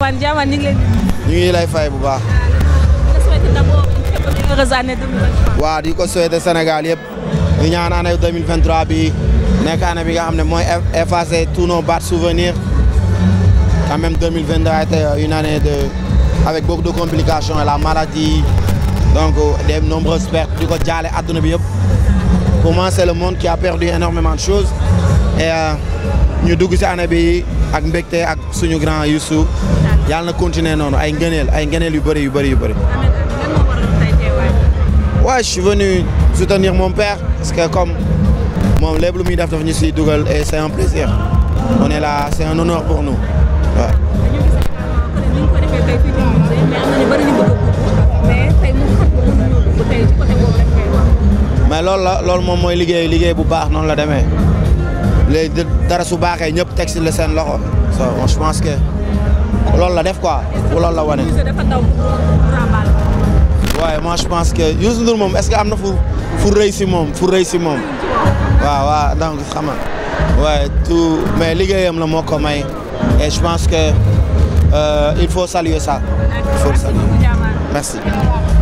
Wane Diamane ñu ngi fay bu baax. waa di ko souhaité Sénégal yëpp ñu ñaan année 2023 bi nekk année bi nga xam ne mooy effacer tous nos souvenir souvenirs quand même 2022 a été euh, de avec beaucoup de complications et la maladie donc euh, de nombreuses pertes di ko jaale adduna bi yëpp. pour le monde qui a perdu énormément de choses et euh, ñu dugg ci année bi ak mbégte ak suñu grand Youssou yàlla na continuer noonu ay ngëneel ay ngëneel yu bëri yu bëri yu bëri. waaw je suis venu soutenir mon père parce que comme moom lépp lu muy def daf ñu si dugal et c'est un plaisir on est là c'est un honneur pour nous waaw. loolu la loolu moom mooy liggéey liggéey bu baax noonu la demee léegi dara su baaxee ñëpp teg si la seen loxo so je pense que loolu la def quoi loolu la wane. waaye je pense que Youssou Ndour moom est-ce que am na fu fu rëy si moom fu rëy si moom waaw waaw donc xam nga waaye tout la moo ko may je pense que euh, il faut saluer ça il